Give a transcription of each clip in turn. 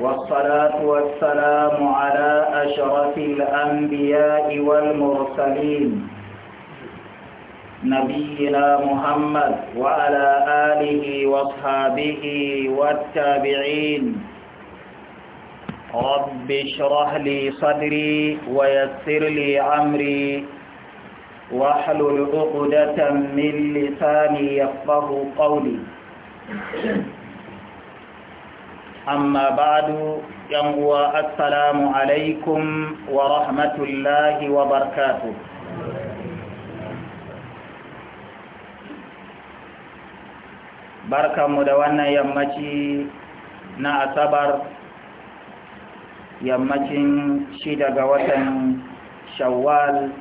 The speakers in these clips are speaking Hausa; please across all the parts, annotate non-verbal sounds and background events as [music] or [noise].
والصلاة والسلام على أشرف الأنبياء والمرسلين نبينا محمد وعلى آله واصحابه والتابعين رب اشرح لي صدري ويسر لي أمري واحلل عقدة من لساني يفقه قولي amma ba'du yan uwa asalamu alaikum wa rahmatullahi wa barkatu. mu da wannan yammaci na asabar yammacin shi daga watan shawwal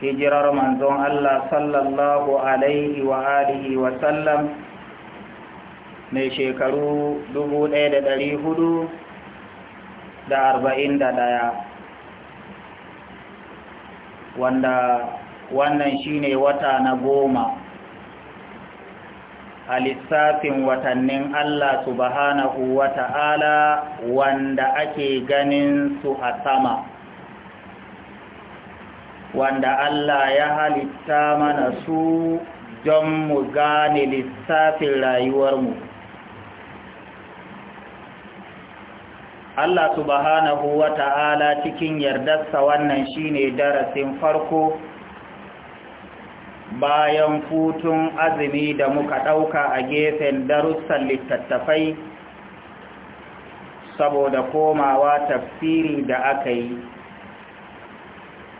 hijirar manzon Allah sallallahu alaihi wa wa sallam mai shekaru dubu ɗaya da ɗari hudu da arba'in da ɗaya wanda wannan shine wata na goma a lissafin watannin Allah subhanahu wa ta'ala wanda ake ganin su a sama wanda Allah ya halitta mana su don mu gane lissafin rayuwarmu Allah subhanahu wa ta'ala cikin yardarsa wannan shine darasin farko bayan futun azumi da muka ɗauka a gefen darussan littattafai saboda komawa tafsiri da aka yi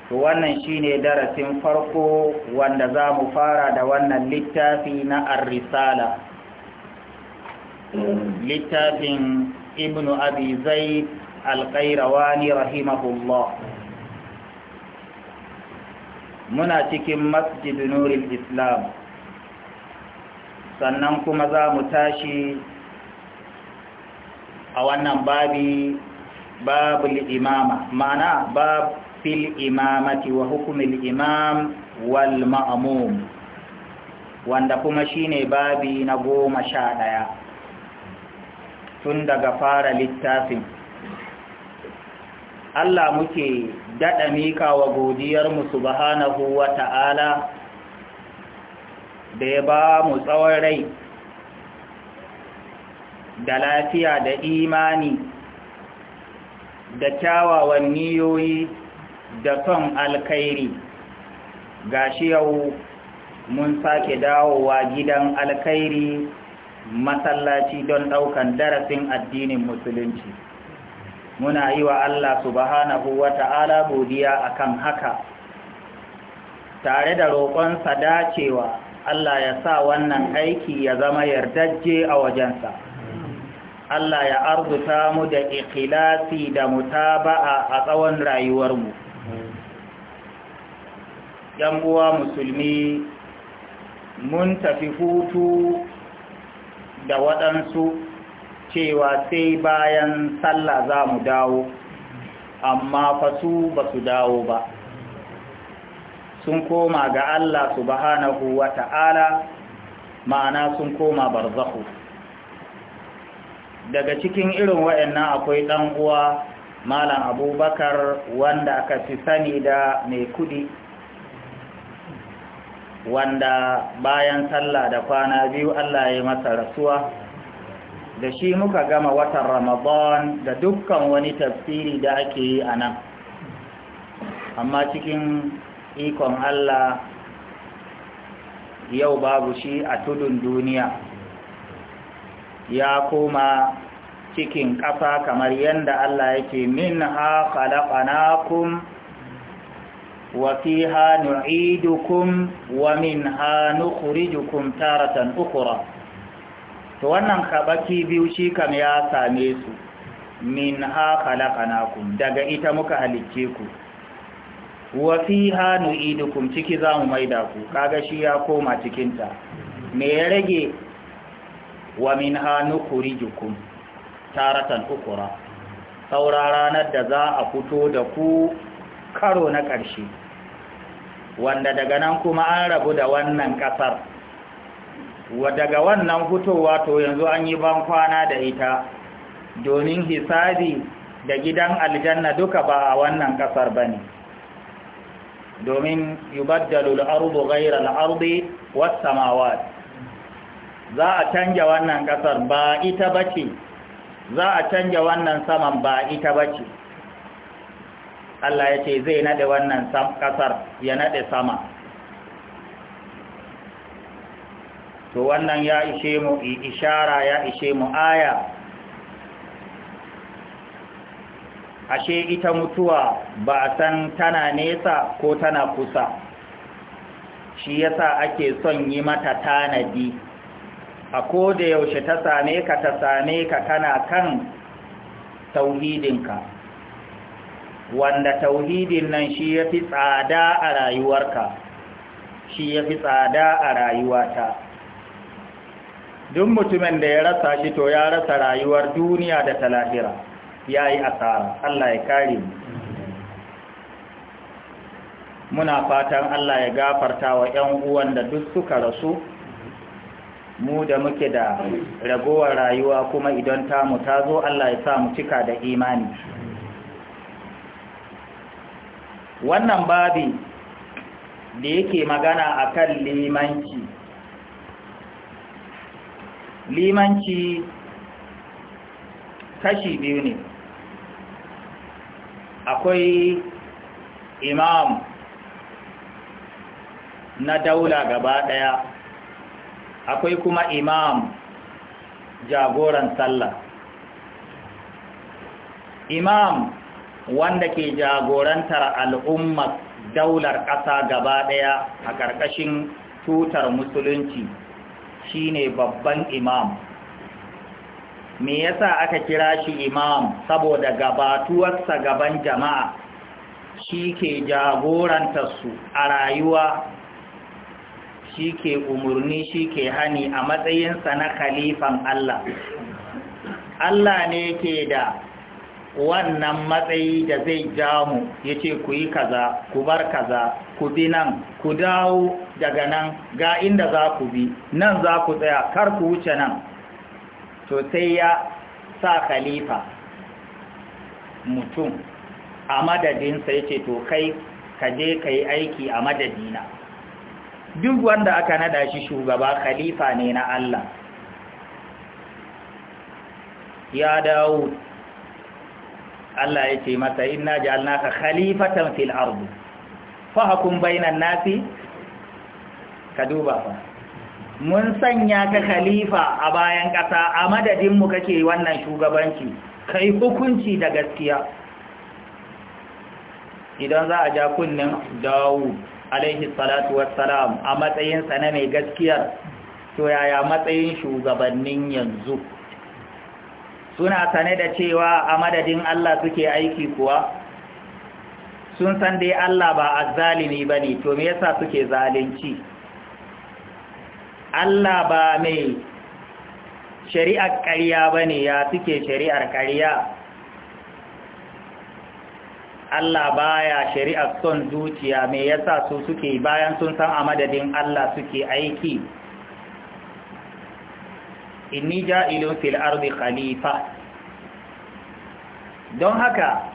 wannan shine darasin farko wanda za mu fara da wannan littafi na ar-risala littafin ibn abi zaid wani rahimahullah muna cikin masjid nuril islam sannan kuma za mu tashi a wannan babi babul imama mana bab fil imamati wa hukumil imam wal ma'mum wanda kuma shine babi na goma sha ɗaya tun daga fara littafin Allah muke daɗa mika wa godiyarmu subhanahu wa ta'ala da ya ba mu tsawon rai da lafiya da imani da kyawawan niyoyi da son alkhairi shi yau mun sake dawowa gidan alkhairi masallaci don ɗaukan darasin addinin musulunci muna yi wa Allah subhanahu wa ta'ala godiya akan haka tare da roƙonsa dacewa Allah ya sa wannan aiki ya zama yardajje a wajensa Allah ya arzuta mu da ikhlasi da mutaba'a a tsawon rayuwarmu yan uwa musulmi mun tafi hutu da waɗansu cewa sai bayan sallah za mu dawo amma fasu ba su dawo ba sun koma ga Allah subhanahu wa ta'ala ma'ana sun koma barzahu daga cikin irin waɗannan akwai ɗan uwa malam abubakar wanda aka fi sani da mai kudi wanda bayan sallah da kwana biyu Allah ya masa rasuwa da shi muka gama watan ramadan da dukkan wani tafsiri da ake yi a nan amma cikin ikon Allah yau babu shi a tudun duniya ya koma cikin ƙasa kamar yadda Allah yake min ha وفيها نعيدكم ومنها نخرجكم taratan أخرى to wannan kabaki biyu shi kam ya same su min ha khalaqnakum daga ita muka halicce ku wa fiha nu'idukum ciki zamu maida ku kaga shi ya koma cikin ta me ya rage wa min ha nukhrijukum taratan ukra saura ranar da za a fito da ku karo na ƙarshe wanda daga nan kuma an rabu da wannan ƙasar daga wannan fitowa to yanzu an yi ban kwana da ita domin hisabi da gidan aljanna duka ba a wannan ƙasar ba ne domin yubaddalu al'ardu ghayra ardi, was samawat za a canja wannan ƙasar ba ita bace za a canja wannan saman ba ita bace Allah ya ce zai naɗe wannan ƙasar ya naɗe sama to wannan ya ishe mu ishara ya ishe mu aya ashe ita mutuwa ba a san tana nesa ko tana kusa shi yasa ake son yi mata tanadi a ko da yaushe ta same ka ta same ka kana kan tauhidinka wanda tauhidin nan shi ya fi tsada a rayuwarka shi ya fi tsada a rayuwata duk mutumin da ya rasa shi to ya rasa rayuwar duniya da talahira lahira ya yi asara Allah ya kare mu muna fatan Allah ya gafarta wa ‘yan uwan da duk suka rasu mu da muke da ragowar rayuwa kuma idan tamu ta zo Allah ya sa mu cika da imani wannan babi da yake magana a kan limanci limanci kashi biyu ne akwai imam na daula gaba ɗaya, akwai kuma imam jagoran sallah imam wanda ke jagorantar al'ummar daular ƙasa gaba ɗaya a ƙarƙashin tutar musulunci shine babban imam me yasa aka kira shi imam saboda gabatuwarsa gaban jama'a shi ke jagorantarsu a rayuwa shi ke umarni shi ke hani a matsayinsa na khalifan Allah Allah ne ke da wannan matsayi da zai ja mu ya ce ku yi kaza ku bar kaza ku bi nan ku dawo daga nan ga inda za ku bi nan za ku tsaya kar ku wuce nan to sai ya sa khalifa mutum a madadinsa ya ce to kai ka je ka yi aiki a madadina duk wanda aka nada shi shugaba khalifa ne na Allah ya dawo Allah ya ce masa inna ja'alnaka khalifatan fil ardi fahkum bainan nasi ka duba fa mun sanya ka khalifa a bayan kasa a madadin mu kake wannan shugabanci kai hukunci da gaskiya idan za a ja kunnin Dawud alaihi salatu wassalam a matsayin sa na mai gaskiyar to yaya matsayin shugabannin yanzu suna sane da cewa a madadin Allah suke aiki kuwa sun san dai Allah ba azzalimi bane to me yasa suke zalunci Allah ba mai shari'ar ƙarya bane ya suke shari'ar ƙarya Allah baya shari'ar son zuciya me yasa su suke bayan sun san a madadin Allah suke aiki inni ja'ilun fil ardi khalifa don haka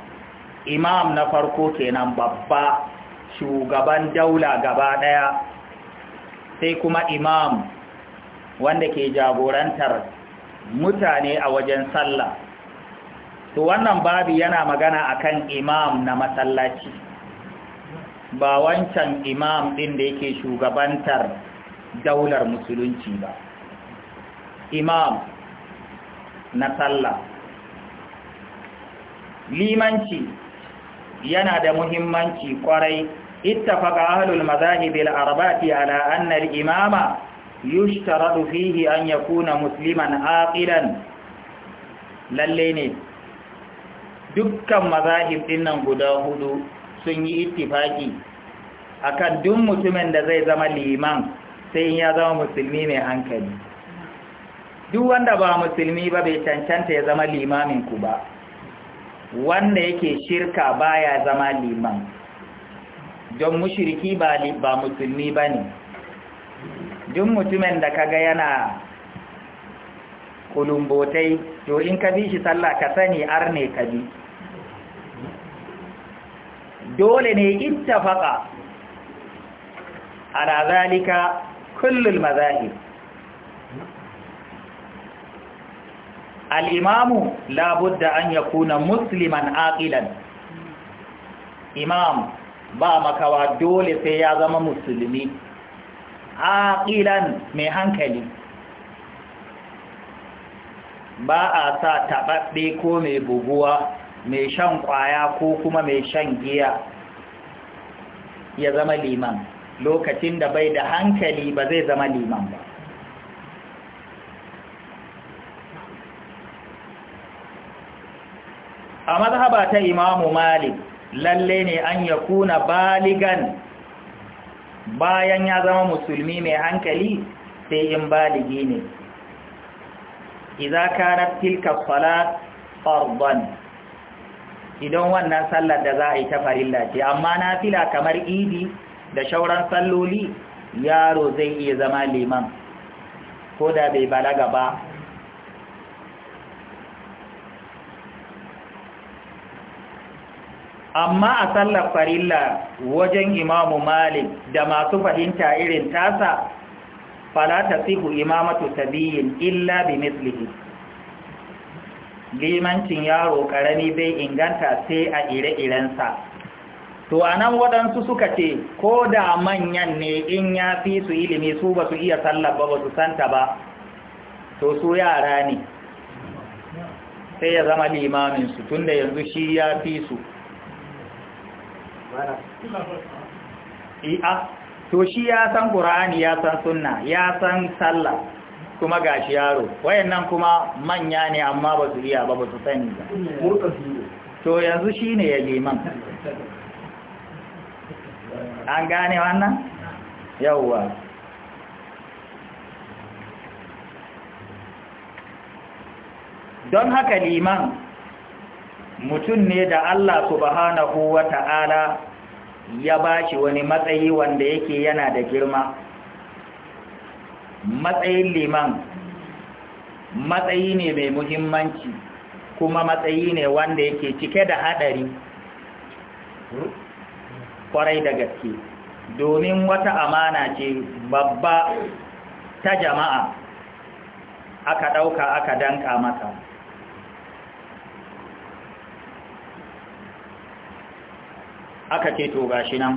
imam na farko kenan babba shugaban daula gaba daya sai kuma imam wanda ke jagorantar mutane a wajen sallah to wannan babu yana magana akan imam na masallaci ba wancan imam din da yake shugabantar daular musulunci ba imam na sallah limanci yana da muhimmanci kwarai ittafaqa ahlul mazahib al-arba'ati ala anna al-imama yushtaradu fihi an yakuna musliman aqilan lalle ne dukkan mazahib dinnan guda hudu sun yi ittifaki akan duk mutumin da zai zama liman sai ya zama musulmi mai hankali duk wanda ba musulmi ba bai cancanta ya zama limamin ku ba wanda yake shirka baya zama liman don mushriki ba ba musulmi bane duk mutumin da kaga yana kulumbotai to in ka bi shi sallah ka sani arne ka bi dole ne ittafaqa ala zalika kullul mazahib al'imamu labudda an ya kuna musliman aƙilan imam ba makawa dole sai ya zama musulmi aƙilan mai hankali ba a sa taɓaɓɓe ko mai buguwa mai shan kwaya ko kuma mai shan giya ya zama liman lokacin da bai da hankali ba zai zama liman ba a mazhaba ta imamu malik lalle ne an ya kuna baligan bayan ya zama musulmi mai hankali sai in baligi ne iza kana tilka salat fardan idan wannan sallar da za a yi ta farilla ce amma nafila kamar idi da shauran salloli yaro zai iya zama liman ko da bai balaga ba amma a sallar farilla wajen imamu malik da masu fahimta irin tasa falata sihu imamatu tabiyin illa bi mislihi limancin yaro karami bai inganta sai a ire-irensa to anan waɗansu suka ce ko da manyan ne in ya fi su ilimi su ba su iya sallar ba ba su santa ba to su yara ne sai ya zama limaminsu tunda yanzu shi ya fi su iya eh, ah, to shi ya san Kur'ani ya san sunna ya san sallah kuma gashi yaro wayannan kuma manya ne amma ba su iya ba ba su sani ba to yanzu shine ya liman an gane wannan Yauwa. don haka liman mutum ne da Allah subhanahu wa ta'ala ya ba shi wani matsayi wanda yake yana da girma matsayin liman matsayi ne mai muhimmanci kuma matsayi ne wanda yake cike da haɗari kwarai da gaske domin wata amana ce babba ta jama'a aka ɗauka aka danka maka aka ce to gashi nan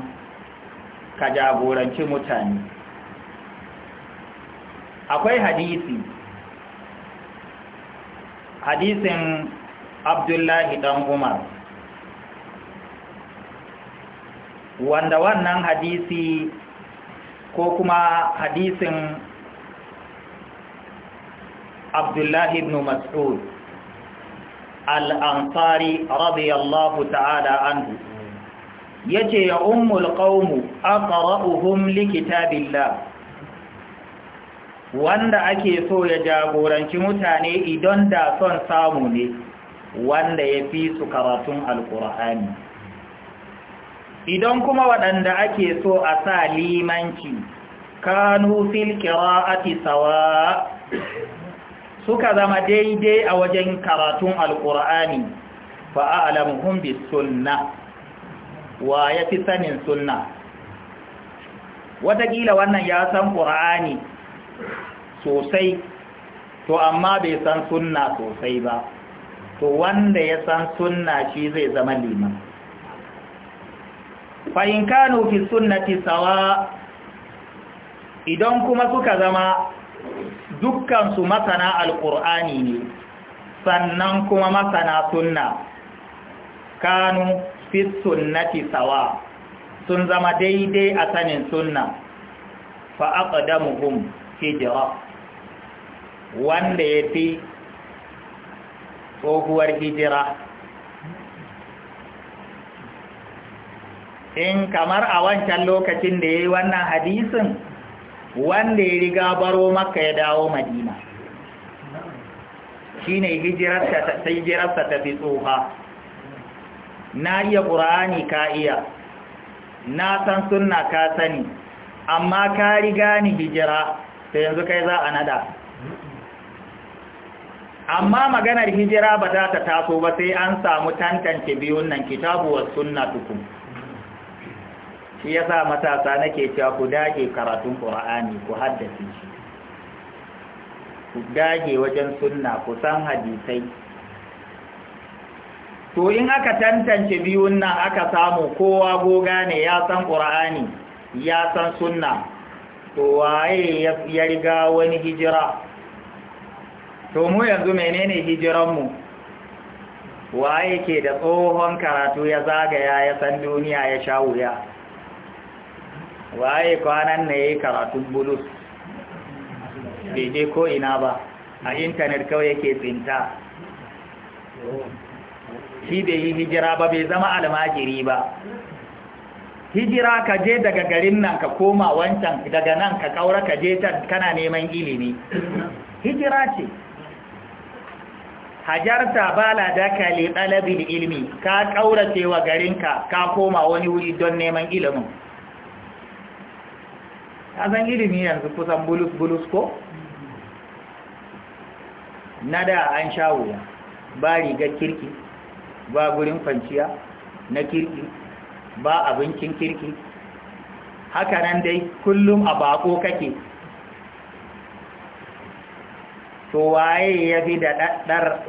ka jagoranci mutane akwai hadisi hadisin abdullahi dan umar wanda wannan hadisi ko kuma hadisin abdullahi ibn mas'ud al-ansari radiyallahu ta'ala anhu yace ya ummul qaumu aqra'uhum likitabillah wanda ake so ya jagoranci mutane idan da son samu ne wanda ya fi su karatun alkur'ani idan kuma waɗanda ake so a sa limanci kanu fil qira'ati sawa suka zama daidai a wajen karatun alkur'ani fa a'lamuhum bis wa ya fi sanin sunna Wataƙila wannan ya san ƙura'ani sosai to amma bai san sunna sosai ba to wanda ya san sunna shi zai zama liman fa'in kanu fi sunnati idan kuma suka zama dukkansu masana alƙur'ani ne sannan kuma masana sunna kanu fi sunnati sawa sun zama daidai a sanin sunna fa aqdamuhum hijra wanda yafi tsohuwar hijira in kamar a wancan lokacin da yayi wannan hadisin wanda ya riga baro maka ya dawo madina shine hijirarsa ta fi tsoha na iya ƙura'ani ka iya na san sunna ka sani amma ka riga ni hijira ta yanzu kai za a nada amma maganar hijira ba za ta taso ba sai an samu tantance biyun nan kitabu wa sunna tukun shi yasa matasa nake cewa ku dage karatun ƙura'ani ku haddace shi ku dage wajen sunna ku san hadisai to in aka tantance biyun nan aka samu kowa goga ne ya san ƙura'ani ya san sunna to waye ya riga wani hijira to mu yanzu menene hijiranmu waye ke da tsohon karatu ya zagaya ya san duniya ya sha wuya waye kwanan na ya yi karatun bulus bai ko ina ba a intanet kawai yake tsinta shi bai yi hijira ba bai zama almajiri ba hijira ka je daga garin nan ka koma wancan daga nan ka kaura ka je ta kana neman ilimi hijira ce hajarta bala dakali li talabil ilmi ka kaura cewa garin ka ka koma wani wuri don neman ilimin san ilimi yanzu kusan bulus bulus ko nada an shawo ba rigar kirki ba gurin kwanciya na kirki ba abincin kirki haka nan dai kullum a bako kake to waye ya fi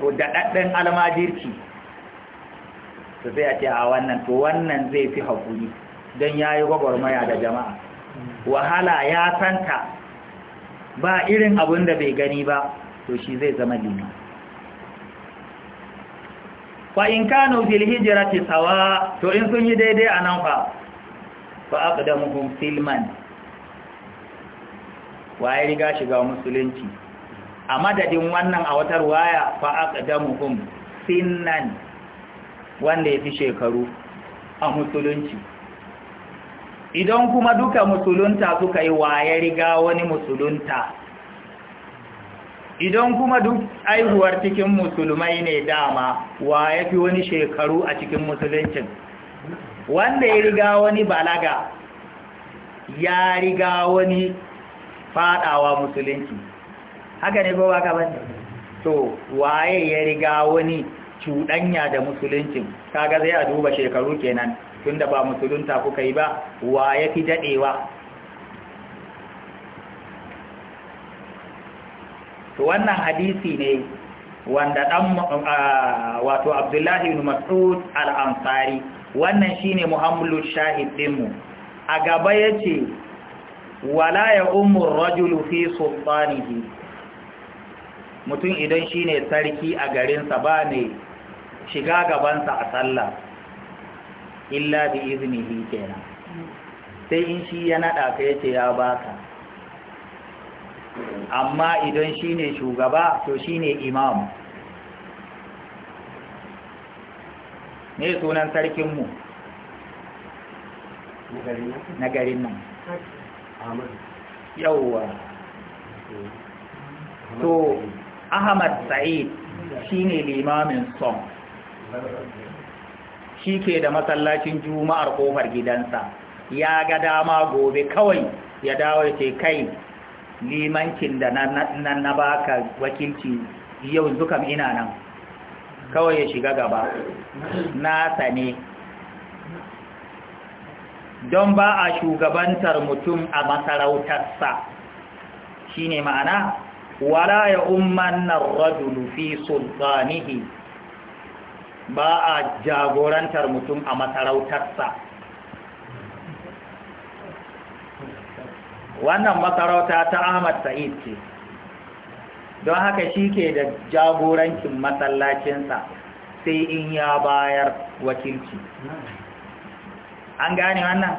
daɗaɗɗen almajirki? to sai a ce a wannan to wannan zai fi haƙuri don ya yi gwagwarmaya da jama'a wahala ya santa ba irin abin da bai gani ba to shi zai zama liman fa in kanu fil hijrati sawa to in sun yi daidai anan fa fa aqdamuhum filman waye riga shiga musulunci a madadin wannan a watar waya fa aqdamuhum sinnan wanda ya fi shekaru a musulunci idan kuma duka musulunta suka yi waye riga wani musulunta idan kuma duk aihuwar cikin musulmai ne dama wa ya fi wani shekaru a cikin musuluncin wanda ya riga wani balaga ya riga wani fadawa musulunci haka ne ko ka bane to waye ya riga wani cuɗanya da musulunci kaga zai a duba shekaru kenan tunda ba musulunta kuka yi ba wa ya fi daɗewa wannan hadisi ne wanda dan wato Abdullahi ibn Mas'ud al-Ansari wannan shine Muhammadu Shahid dinmu a gaba yace wala ya umur rajulu fi sultanihi mutum idan shine sarki a garin sa ba ne shiga gaban sa a sallah illa bi iznihi kenan sai in shi ya nada ka yace ya baka amma idan shine shugaba to shine imam ne sunan sarkinmu na garin nan yauwa to ahmad sa'id shine limamin son shi ke da masallacin juma'ar kofar gidansa ya ga dama gobe kawai ya dawo ce kai limankin da na na baka wakilci yau dukan ina nan kawai ya shiga gaba Na sane don ba a shugabantar mutum a masarautarsa shi ne ma'ana wala ya na rajulu fi sultanihi ba a jagorantar mutum a masarautarsa wannan masarauta ta ahmad sa'id ce don haka shi ke da jagorancin masallacinsa, sai in ya bayar wakilci an gane wannan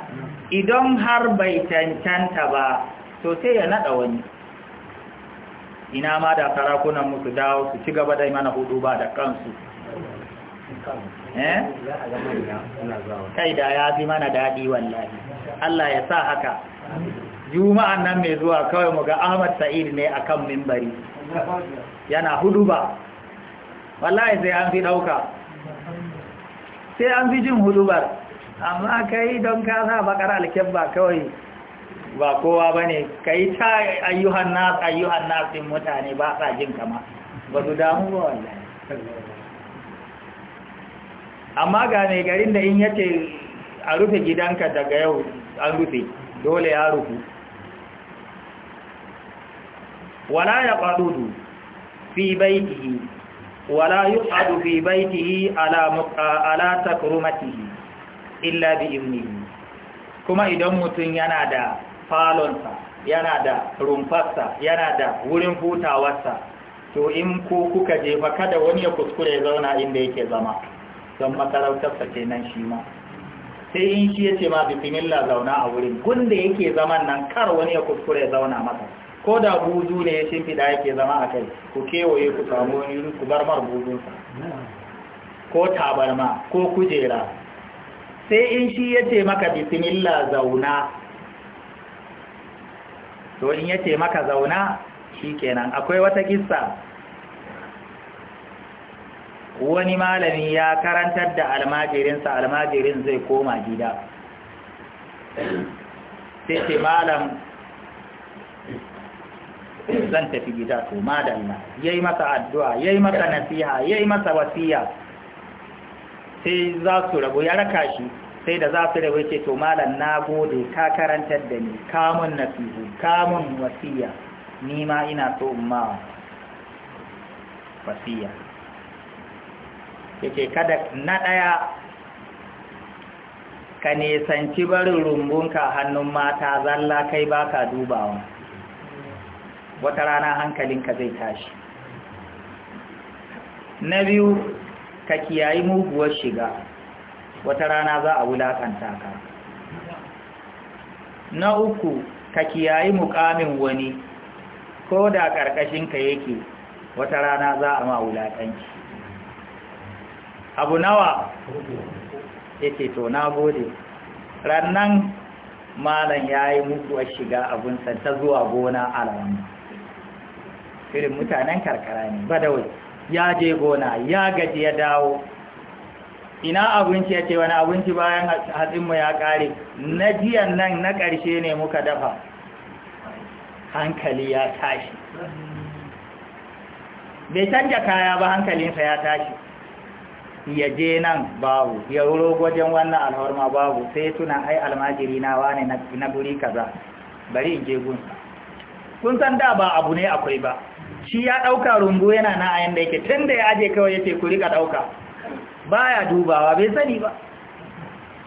idan har bai cancanta ba to sai ya naɗa wani ina ma da sarakunan musu dawo su ci gaba da mana hudu ba da kansu eh? kai da ya fi mana daɗi wallahi Allah ya sa haka juma'a nan mai zuwa kawai mu ga Ahmad Sa'id ne akan mimbari yana huduba wallahi sai an fi dauka sai an fi jin hudubar amma kai don ka sa bakar alkebba kawai ba kowa bane kai ta ayyuhan nas ayyuhan nas din mutane ba sa jin kama ba su damu ba wallahi amma ga mai garin da in yace a rufe gidanka daga yau an rufe dole ya rufu wala ya ƙadudu fi baitihi wala yuqadu fi baitihi ala ala takrumatihi illa bi ibnihi kuma idan mutum yana da falonsa yana da rumfarsa yana da wurin hutawarsa to in ko kuka jefa kada wani ya kuskure ya zauna inda yake zama don masarautarsa kenan shi ma sai in shi ya ce ma zauna a wurin gunda yake zaman nan kar wani ya kuskure ya zauna masa ko da buzu ne ya shimfiɗa yake zama a kai ku kewaye ku samu wani ku bar mar buzunsa ko tabarma ko kujera sai in shi ya ce maka bismillah zauna to in ya ce maka zauna shi kenan akwai wata kissa wani malami ya karantar da almajirinsa almajirin zai koma gida sai ce malam zan tafi gida to madalla yayi masa addu'a yayi masa nasiha yayi masa wasiya sai za su rabu ya raka shi sai da za su rabu ce to malam na gode ka karantar da ni kamun nasihu kamun wasiya ni ma ina so ma wasiya yake kada na ɗaya ka nisanci barin rumbunka hannun mata zalla kai baka dubawa wata rana hankalinka zai tashi na biyu ka kiyayi muguwar shiga wata rana za a wulaƙanta ka na uku ka kiyayi mukamin wani ko da ƙarƙashinka yake wata rana za a ma wulaƙanci abu nawa yake to na gode rannan malam ya yi muguwar shiga abinsa ta zuwa gona alamu irin mutanen karkara ne badawai ya je gona ya gaji ya dawo ina abinci ya ce wani abinci bayan hatsinmu ya ƙare na jiyan nan na ƙarshe ne muka dafa hankali ya tashi bai canja kaya ba hankalinsa ya tashi ya je nan babu ya wuro wajen wannan alhorma babu sai tuna ai almajiri na wane na guri kaza bari in je gunsa kun san da ba abu ne akwai ba shi ya ɗauka rumbu yana na a yanda yake tun da ya aje kawai ya ce ku riƙa ɗauka ba ya dubawa bai sani ba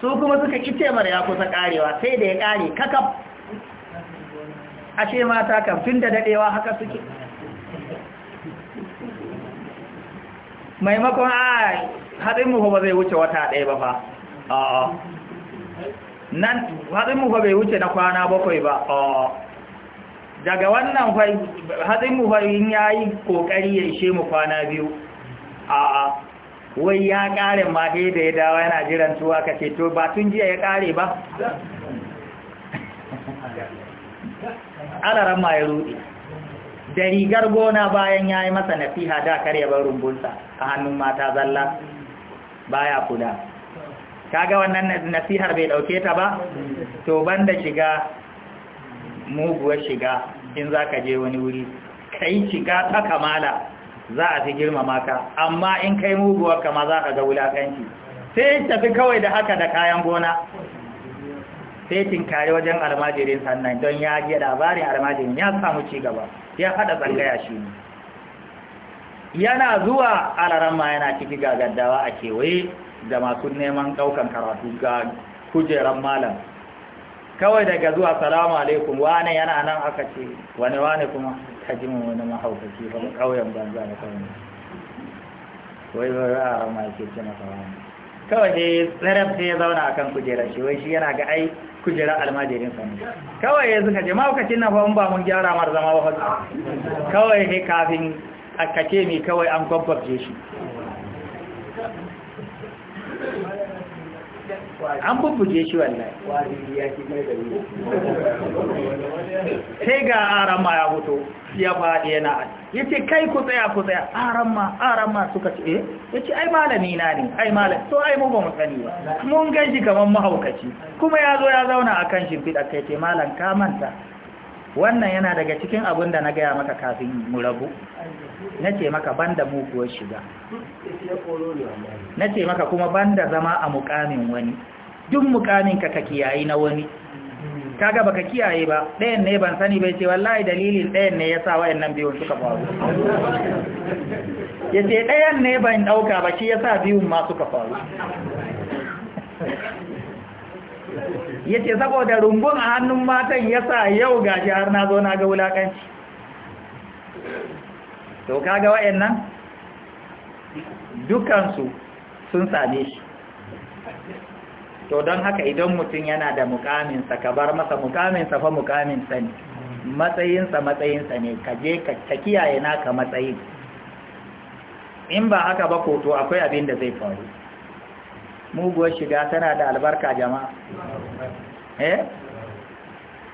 su kuma suka kice mara ya kusa ƙarewa sai da ya ƙare kakaf ashe mata kam tun da daɗewa haka suke maimakon a mu ba zai wuce wata ɗaya ba fa a'a nan mu ba bai wuce na kwana bakwai ba a'a daga wannan hatsin mu ya yi ƙoƙari ya ishe mu kwana biyu a wai ya ƙare ma da ya dawo yana jiran tuwa ka ce to ba tun jiya ya ƙare ba alaran ma ya ruɗe da rigar gona bayan ya yi masa nasiha da karya bar rumbunsa a hannun mata zalla baya kula kaga wannan nasihar bai ɗauke ta ba to banda shiga muguwar shiga in za ka je wani wuri ka yi shiga ta kamala za a fi girmama ka amma in kai muguwar kama za ka ga wulakanci sai tafi kawai da haka da kayan gona sai tinkari wajen almajirin sannan don ya ji labarin almajirin ya samu ci gaba ya haɗa tsangaya shi ne yana zuwa alaran ma yana ciki ga gaddawa a kewaye da masu neman ɗaukan karatu ga kujerar malam kawai daga zuwa salamu alaikum wane yana nan aka ce wani wane kuma ka ji mun wani mahaukaci ba mu kauyen banza da kawai wai wai a rama yake ce masa wani kawai dai tsaraf sai ya zauna a kan kujerar shi wai shi yana ga ai kujerar almajirin sa kawai ya zuka ce mahaukacin nan fa ba mun gyara mar zama ba fa kawai ne kafin aka ce mi kawai an gwabbace shi an bubbuje shi wallahi sai ga arama ya hoto ya faɗi yana a ya ce kai ku tsaya ku tsaya arama arama suka ce eh? ya ce ai malami na ne ai malami to ai mu ba mu sani ba mun gan shi kamar mahaukaci kuma ya zo ya zauna a kan shimfiɗa kai ce malam ka manta wannan yana daga cikin abin da na gaya maka kafin mu rabu na ce maka banda muguwar shiga na ce maka kuma banda zama a mukamin wani duk mukamin ka ka kiyaye na wani kaga baka kiyaye ba ɗayan ne ban sani bai ce wallahi dalilin ɗayan ne ya sa wayannan biyun suka faru ya ce ɗayan ne ban ɗauka ba shi ya sa biyun ma suka faru yace saboda rumbun a hannun matan ya sa yau gashi har na zo na ga wulaƙanci. to kaga nan? dukansu sun same shi to don haka idan mutum yana da mukaminsa ka bar masa mukaminsa fa mukaminsa ne matsayinsa matsayinsa ne ka je ka kiyaye naka matsayin in ba haka ba koto akwai abin da zai faru muguwar shiga tana da albarka jama'a eh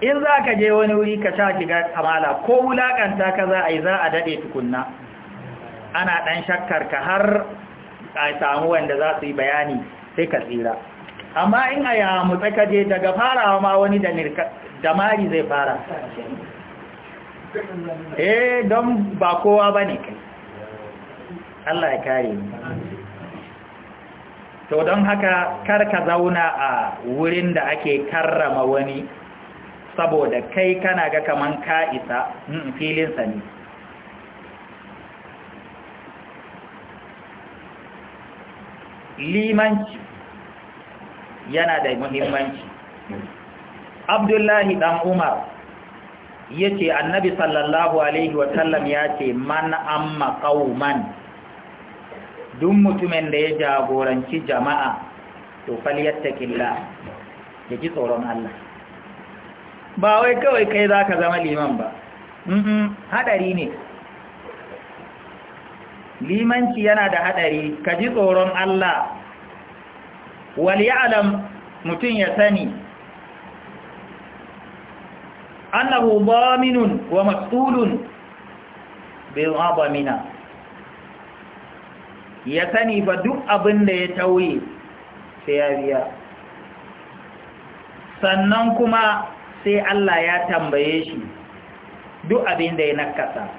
in za ka je wani wuri ka sha shiga kamala ko wulaƙanta ka za a yi za a daɗe tukunna ana ɗan shakkar ka har a samu wanda za su yi bayani sai ka tsira amma in a ka je daga farawa ma wani da mari zai fara eh don ba kowa ba ne Allah ya kare ni to don haka kar ka zauna a wurin da ake karrama wani saboda kai kana ga kaman ka isa mm, filinsa ne limanci yana da muhimmanci abdullahi dan umar ya ce annabi sallallahu alaihi sallam ya ce man amma qauman duk mutumin da ya jagoranci jama'a to falyattakilla ya ji tsoron Allah ba wai kawai kai za ka zama liman ba haɗari ne limanci yana da haɗari ka ji tsoron Allah waliya'alam mutum ya sani annahu baminun wa mas'ulun bi dhamina ya sani fa duk abin da ya tauye sai ya biya sannan kuma sai Allah ya tambaye shi duk abin da ya nakasa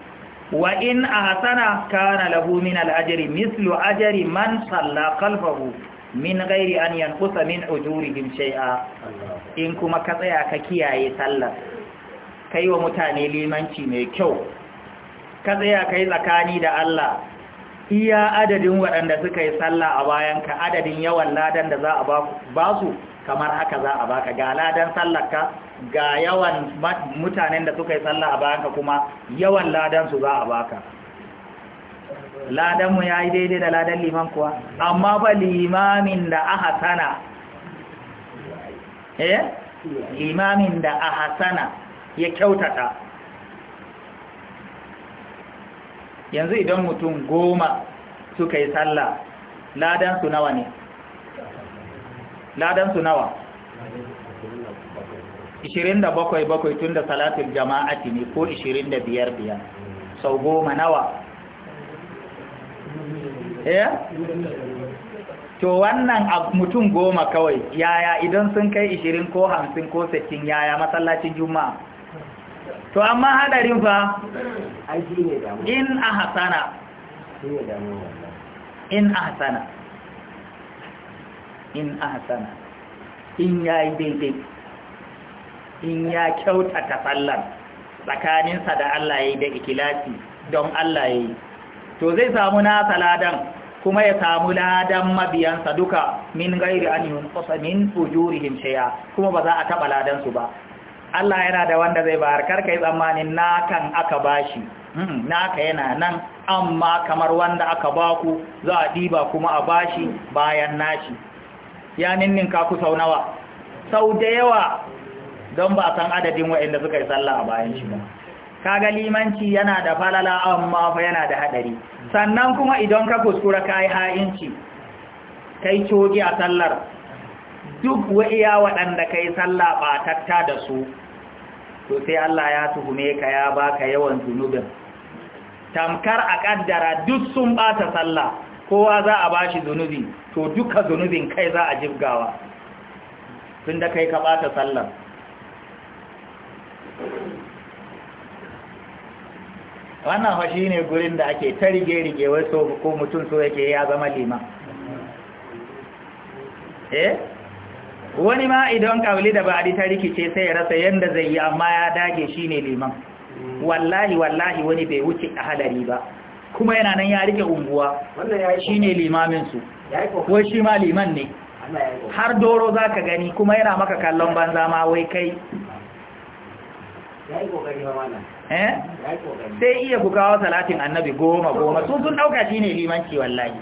wa in ahsana kana lahu min al-ajri mithlu ajri man salla khalfahu min ghairi an yanqusa min ujurihim shay'a in kuma ka tsaya ka kiyaye sallar kai wa mutane limanci mai kyau ka tsaya kai tsakani da Allah iya adadin waɗanda suka yi sallah a bayan ka adadin yawan ladan da za a ba su kamar haka za a baka ga ladan sallarka ga yawan mutanen da suka yi sallah a bayan ka kuma yawan ladan su za a baka ladan mu yi daidai da ladan liman kuwa amma ba limamin da ahsana eh limamin da ahsana ya kyautata yanzu idan mutum goma suka yi sallah ladan su nawa ne ladan su nawa 27-7 tun da salatul jama'ati ne ko 25-5 sau goma nawa eh to wannan mutum goma kawai yaya idan sun kai 20 ko 50 ko 60 yaya masallacin juma'a to amma hadarin fa in a hasana in a hasana in a hasana in ya yi daidai in ya kyautata sallar tsakaninsa da Allah ya yi da ikilasi don Allah ya yi, to zai samu na saladan kuma ya samu ladan mabiyansa duka min gairi an kusa, min ujurihim shay'a kuma ba za a taɓa Ladansu ba Allah yana da wanda zai bayar kai yi tsammanin nakan aka bashi hmm, naka yana nan amma kamar wanda aka baku za a ɗiba kuma a bashi bayan nashi ya ka ku sau nawa sau da yawa don ba san adadin waɗanda suka yi sallah a bayan shi ba kaga limanci yana da falala amma fa yana da hadari sannan kuma idan ka kuskura kai ha'inci kai cogi a sallar duk wa waɗanda ka yi sallah ɓatatta da su to sai Allah ya tuhume ka ya baka yawan zunubin tamkar a ƙaddara duk sun ɓata sallah kowa za a bashi zunubi to duka zunubin kai za a jibgawa tun da kai ka ɓata sallar wannan hashi ne gurin da ake ta rige-rige wai so ko mutum so yake ya zama lima eh wani ma idan kawuli da ba'adi ta rikice sai ya rasa yanda zai yi amma ya dage shine liman wallahi wallahi wani bai wuce a halari ba kuma yana nan ya rike unguwa ne limamin su wai shi ma liman ne har doro zaka gani kuma yana maka kallon banza ma wai kai eh? sai iya ku kawo salatin annabi goma goma sun sun shi shine limanci wallahi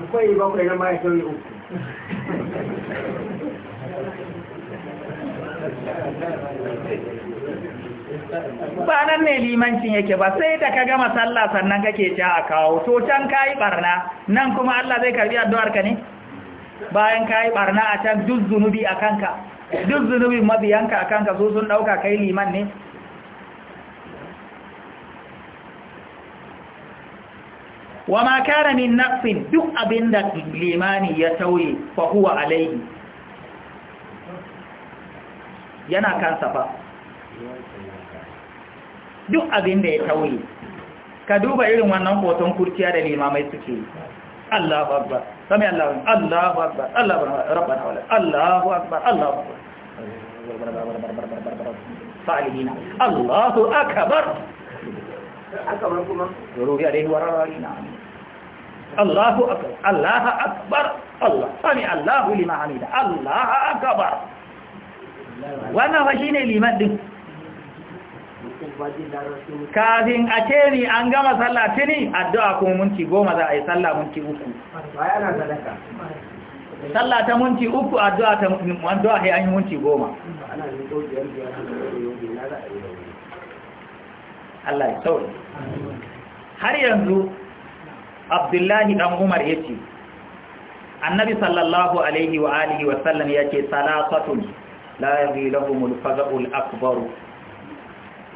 ba nan ne limancin yake ba sai da ka gama sallah sannan kake ja a kawo to can kayi barna nan kuma Allah zai karbi addu'ar ka ne bayan kayi barna a can duk zunubi a kanka duk zunubin mabiyanka a kanka so sun dauka kai liman ne wa ma kana min naqsin duk abinda limani ya tauye fa huwa alaihi yana kansa fa duk abin da ya tauye ka duba irin wannan hoton kurciya da limamai suke yi Allahu akbar sami Allahu Allahu akbar Allahu rabbana Allahu akbar Allahu akbar salihina Allahu akbar akbar kuma ruhi alaihi wa rarina Allahu akbar Allahu akbar Allah sami Allahu liman hamida Allahu akbar wannan fa shine liman din kafin a ce ni an gama sallah tuni addu'a kuma munci goma za a yi sallah munci uku sallah ta munci uku addu'a ta addu'a sai an yi munci goma Allah ya sauri har yanzu Abdullahi dan Umar yace Annabi sallallahu alaihi wa alihi wa sallam yace salatatun la yabi lahumul faza'ul akbar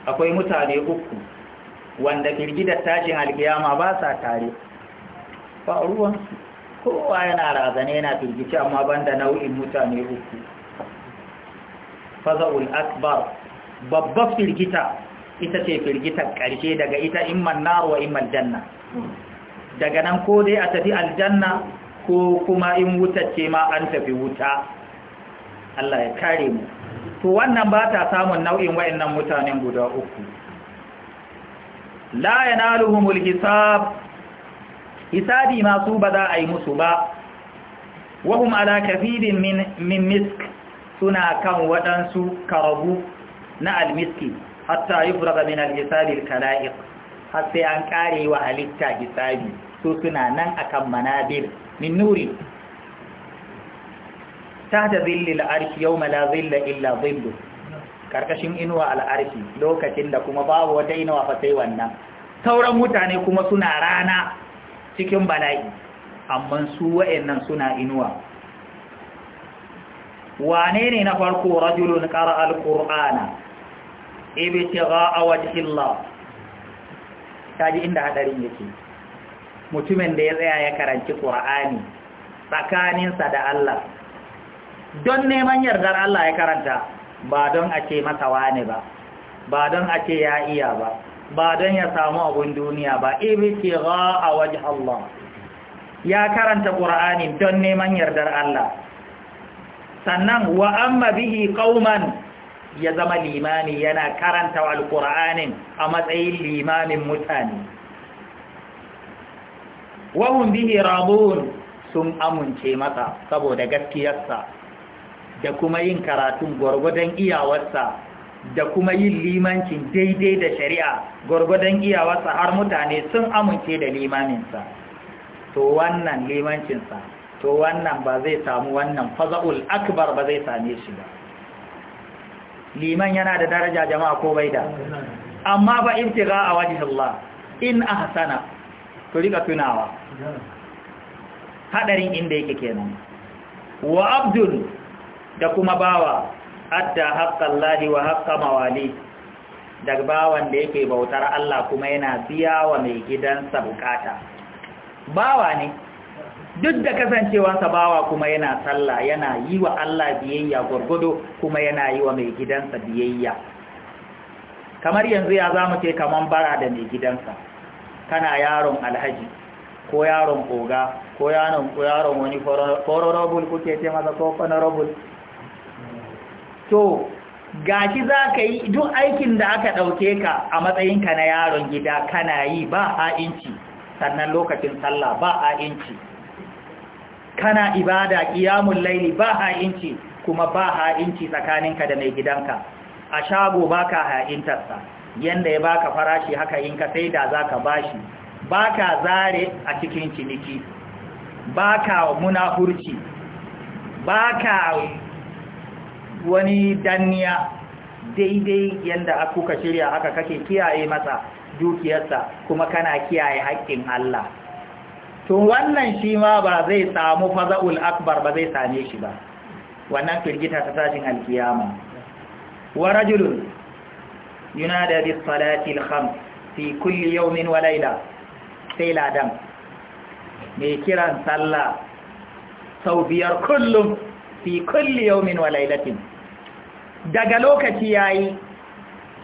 akwai mutane uku wanda girgidar tashin alkiyama ba sa tare fa ruwan kowa yana razane yana firgici amma banda nau'in mutane uku faza'ul akbar babba firgita ita ce firgitar ƙarshe daga ita imman nar wa imman janna daga nan ko dai a tafi aljanna ko kuma in wuta ce ma an tafi wuta Allah ya kare mu to wannan ba ta samun nau'in wayannan mutanen guda uku la yanaluhumul hisab hisabi masu ba za a yi musu ba wahum ala kafirin min, min misk suna kan waɗansu karabu na almiski hatta yi furaga min alhisabin kala'iq har sai an kare wa halitta hisabi su suna nan akan manabir min nuri ta da zillil arki yau mala zilla illa zillu karkashin inuwa al'arki lokacin da kuma babu wata inuwa fa sai wannan sauran mutane kuma suna rana cikin bala'i amma su wa'annan suna inuwa wane ne na farko rajulun qara al-qur'ana ibtigha'a Ta kaji inda hadarin yake mutumin da ya tsaya ya karanci qur'ani tsakaninsa da Allah don neman yardar Allah ya karanta ba don a ce masa wani ba ba don a ce ya iya ba ba don ya samu abun duniya ba ga a waje Allah ya karanta ƙura'ani don neman yardar Allah sannan wa amma bihi ƙauman ya zama limani yana karanta alƙura'ani a matsayin limamin mutane wahun bihi radun sun amince masa saboda gaskiyarsa da kuma yin karatun gwargwadon iyawarsa da kuma yin limancin daidai da shari'a gwargwadon iyawarsa har mutane sun amince da limaninsa to wannan limancinsa to wannan ba zai samu wannan faza'ul akbar ba zai same shi ba liman yana da daraja jama'a ko bai da amma ba ibtiga a wajen Allah in ahsana to rika tunawa hadarin inda yake kenan wa abdul da kuma bawa adda haƙƙan ladi wa haƙƙa mawali da bawan da yake bautar Allah kuma yana biya wa mai gidansa bukata bawa ne duk da kasancewansa bawa kuma yana sallah yana yi wa Allah biyayya gwargwado kuma yana yi wa mai gidansa biyayya kamar yanzu ya zamu ce kaman bara da mai gidansa kana yaron alhaji ko yaron koga ko yaron yaron wani honorable kuke ce masa ko honorable to gashi za ka yi duk aikin da aka ɗauke ka a matsayinka na yaron gida kana yi ba a inci sannan lokacin sallah ba a inci kana ibada ƙiyamun laili ba a inci kuma ba a inci tsakaninka da mai gidanka a shago ba ka ha'intarsa yadda ya baka farashi haka in ka sai da za ka bashi ba ka zare a cikin ciniki ba ka munafurci ba ka wani danniya daidai yadda akuka shirya aka kake kiyaye masa dukiyarsa kuma kana kiyaye haƙƙin Allah Tun wannan shi ma ba zai samu faza'ul akbar ba zai same shi ba wannan firgita ta tashin alkiyama wa rajulun yunada bis salati al-khams fi kulli sai ladan mai kiran sallah sau biyar kullum fi kulli yawmin wa lailatin daga lokaci yayi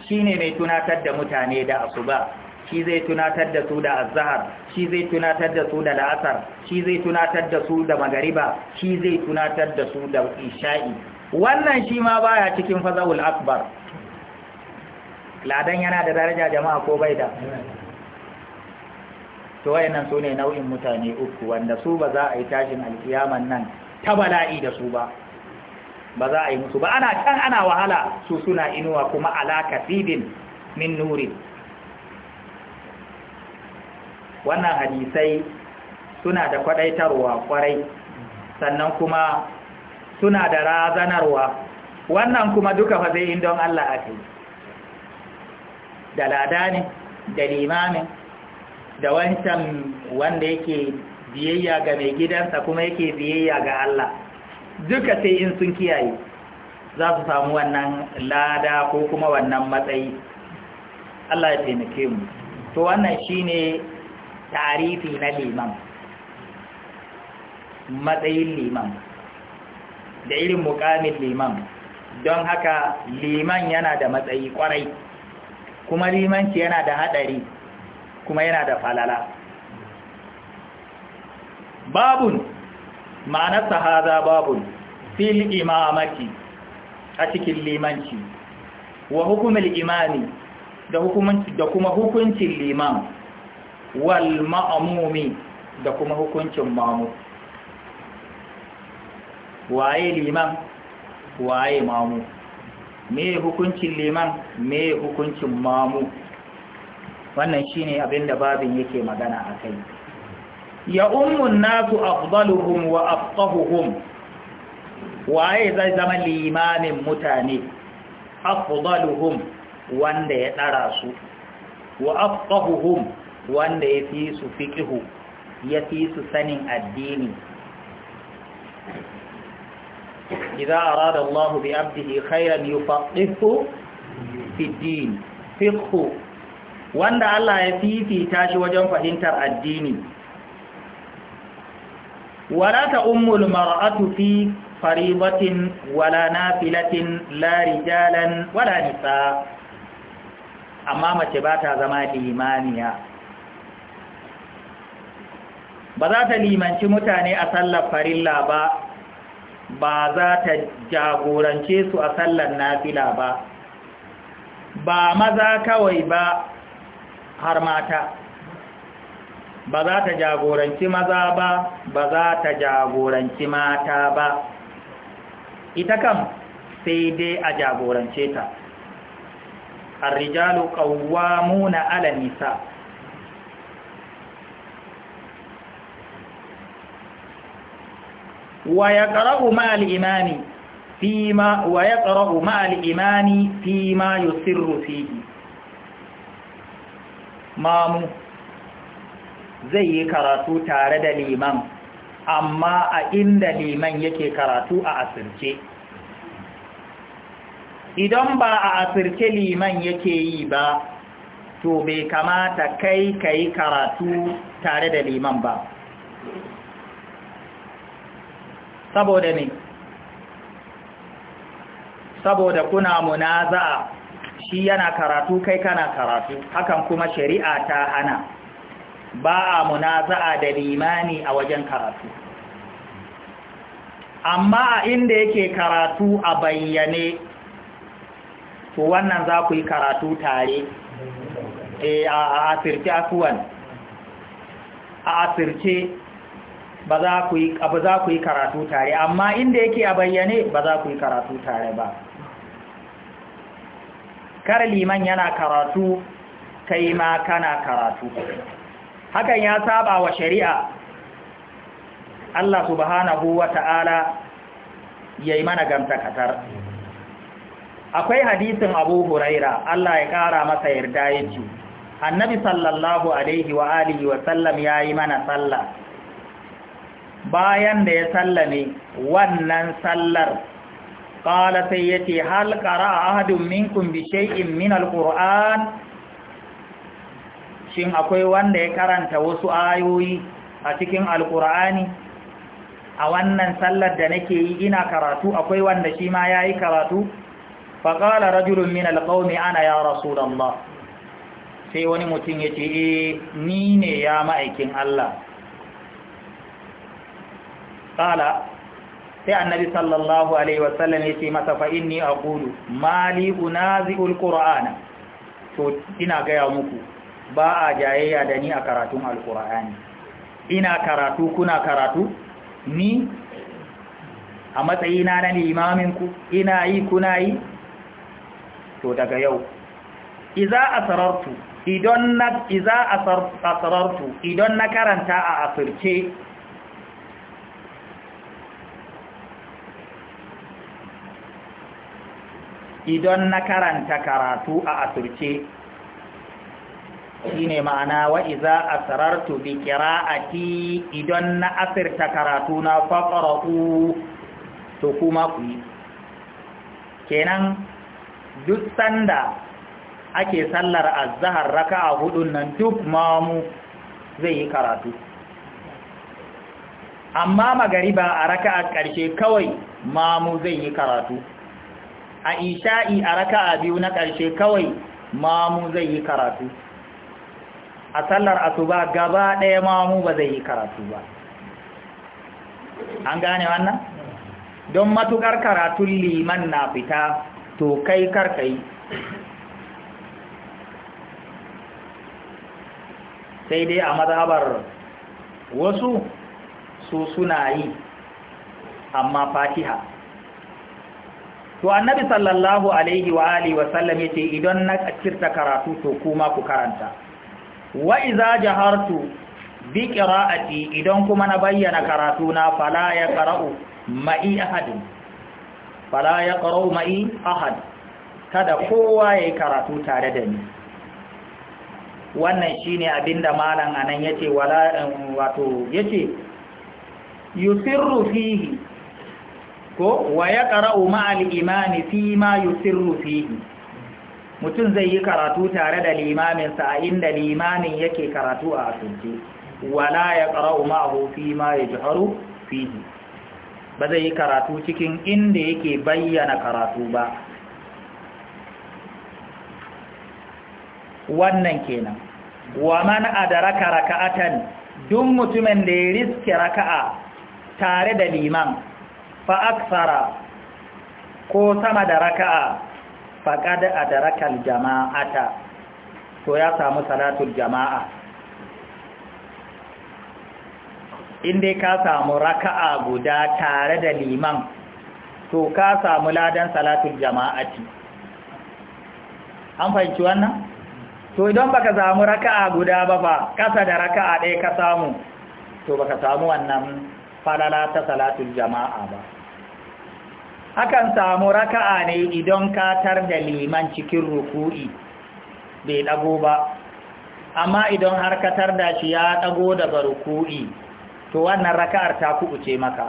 shine mai tunatar da mutane da asuba shi zai tunatar da su da azhar shi zai tunatar da su da la'asar shi zai tunatar da su da magariba shi zai tunatar da su da isha'i wannan shi ma baya cikin fazawul akbar ladan yana da daraja jama'a ko bai da to wayannan sune nau'in mutane uku wanda su ba za a yi tashin alkiyaman nan ta bala'i da su ba ba za a yi musu ba ana can ana wahala su suna inuwa kuma alaka sidin min nuri wannan hadisai suna da kwadaitarwa kwarai sannan kuma suna da razanarwa wannan kuma duka fa zai don Allah ake da lada ne da limamin da wancan wanda yake biyayya ga mai gidansa kuma yake biyayya ga Allah duka sai in sun kiyaye za su samu wannan lada ko kuma wannan matsayi Allah ya taimake mu to wannan shine tarifi na liman matsayin liman da irin mukamin liman don haka liman yana da matsayi kwarai kuma limanci yana da hadari kuma yana da falala babun ma'anarsa haza babun fil imamati a cikin limanci wa hukumul imami da da kuma hukuncin liman wal ma'amumi da kuma hukuncin mamu waye liman waye mamu me hukuncin liman me hukuncin mamu wannan shine abin da babin yake magana a kai ya ummun nasu afdaluhum wa afqahuhum waye zai zama limamin mutane afdaluhum wanda ya dara su wa afqahuhum wanda ya fi su fiqihu ya fi su sanin addini idza arada Allah bi abdihi khairan yufaqihu fi din fiqhu wanda Allah ya fifita shi wajen fahimtar addini wala ta ummul mar'atu fi faribatin wala nafilatin la rijalan wala nisa amma mace ba ta zama limaniya ba za ta limanci mutane a sallar farilla ba ba za ta jagorance su a sallar nafila ba ba maza kawai ba har mata ba za ta jagoranci maza ba ba za ta jagoranci mata ba ita kam sai dai a jagorance ta arrijalu qawwamuna 'ala nisa wa yaqra'u ma'al imani fima wa yaqra'u ma'al imani fima yusirru fihi mamu zai yi karatu tare da liman amma a inda liman yake karatu a asirce idan ba a asirce liman yake yi ba to bai kamata kai ka yi karatu tare da liman ba saboda ne saboda kuna munaza'a shi yana karatu kai kana karatu hakan kuma shari'a ta hana ba a munaza'a da limani a wajen karatu amma a inda yake karatu a bayyane to wannan za ku yi karatu tare eh, a asirce asuwan a asirce ba za ku yi karatu tare amma inda yake a bayyane ba za ku yi karatu tare ba kar liman yana karatu kai ma kana karatu hakan ya saba wa shari'a Allah subhanahu wa ta'ala ya yi mana gamta katar akwai hadisin Abu Huraira Allah ya kara masa yarda ci. Annabi sallallahu alaihi wa alihi wa sallam ya yi mana sallah bayan da ya sallame wannan sallar qala sai yace hal qara ahadun minkum bi shay'in shin akwai wanda ya karanta wasu ayoyi a cikin alkur'ani a wannan sallar da nake yi ina karatu akwai wanda shi ma ya yi karatu faƙala rajulun min alƙaumi ana ya ba. sai wani mutum ya ce e ni ne ya ma'aikin Allah ƙala sai annabi sallallahu alaihi wasallam ya ce masa fa'in ni a ƙulu mali unazi ulƙura'ana to ina gaya muku ba a jayayya da ni a karatun alkur'ani ina karatu kuna karatu ni a matsayina na limaminku ina yi kuna yi to daga yau iza asarartu idan na iza asarartu idan na karanta a asirce idan na karanta karatu a asirce shine ma'ana wa iza asrartu bi ti idan na asirta karatu na ku, to kuma ku yi. kenan duk sanda ake sallar raka a hudun nan duk mamu zai yi karatu amma magariba a a ƙarshe kawai mamu zai yi karatu a isha'i a a biyu na ƙarshe kawai mamu zai yi karatu a sallar asuba gaba ɗaya ma mu ba zai yi karatu ba an gane wannan don matukar karatun liman na fita to kai karkai sai dai a mazhabar wasu su suna yi amma fatiha to annabi sallallahu alaihi wa alihi wa sallam yace idan na kirta karatu to kuma ku karanta wa iza jahartu bi qira'ati idan kuma na bayyana karatu na fala ya qara'u ma'i ahadin fala ya qara'u ma'i ahad kada kowa yayi karatu tare da ni wannan shine abinda malam anan yace wala eh, wato yace yusirru fihi ko wa ya ƙara'u ma'al imani fi ma yusirru fihi mutum zai yi karatu tare da limaminsa a inda limamin yake karatu a asirce wala ya ƙara'u ma'ahu fi ma ya jiharu fihi ba zai yi karatu cikin inda yake bayyana karatu ba wannan kenan wa man adara raka'atan duk mutumin da ya riske raka'a tare da liman fa ko sama da raka'a faƙad adarakal jama'ata to ya samu salatul jama'a inda ka samu raka'a guda tare da liman to ka samu ladan salatul jama'ati an fahimci wannan to idan baka samu raka'a guda ba ba kasa da raka'a ɗaya ka samu to baka samu wannan falala ta salatul jama'a ba akan samu raka'a ne idan ka tar da liman cikin ruku'i bai dago ba amma idan har ka tar da shi ya dago daga ruku'i to wannan raka'ar ta kubuce maka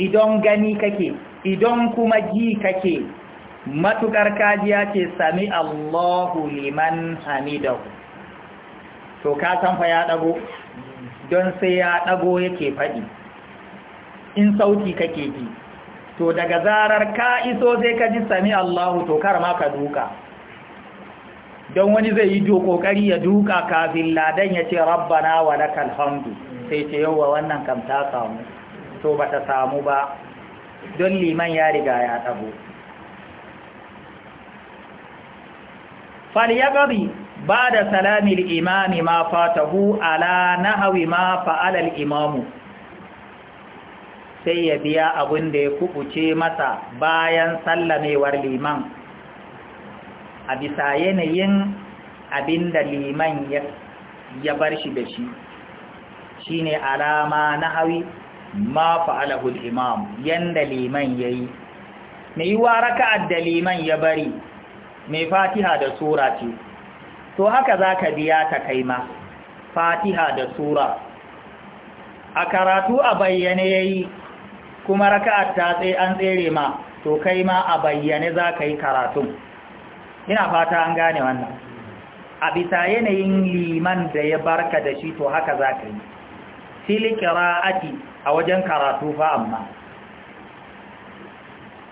idan gani kake idan kuma ji kake matukar kajiya ce sami Allahu liman hamidahu to ka san fa ya dago don sai ya dago yake faɗi in sauti kake ji to daga zarar ka iso sai ka ji sami Allahu to kar ma ka duka don wani zai yi jo kokari ya duka kafin ladan ya ce rabbana wa lakal hamdu sai ce yawwa wannan kam ta samu to ba ta samu ba don liman ya riga ya tabo ba da salamil imami ma fatahu ala nahwi ma fa'ala imamu sai ya biya abin da ya kubuce masa bayan sallamewar liman a bisa yanayin abin da liman ya bar shi da shi shi ne alama na hawi ma fa'alahul imam yanda liman ya yi mai yi wa raka da liman ya bari mai fatiha da sura ce to haka za ka biya ta kai ma fatiha da sura a karatu a bayyane ya yi kuma raka'ar ta tsaye an tsere ma to kai ma a bayyane za ka yi karatun ina fata an gane wannan a bisa yanayin liman da ya barka da shi to haka za ka yi fili kira'ati a wajen karatu fa amma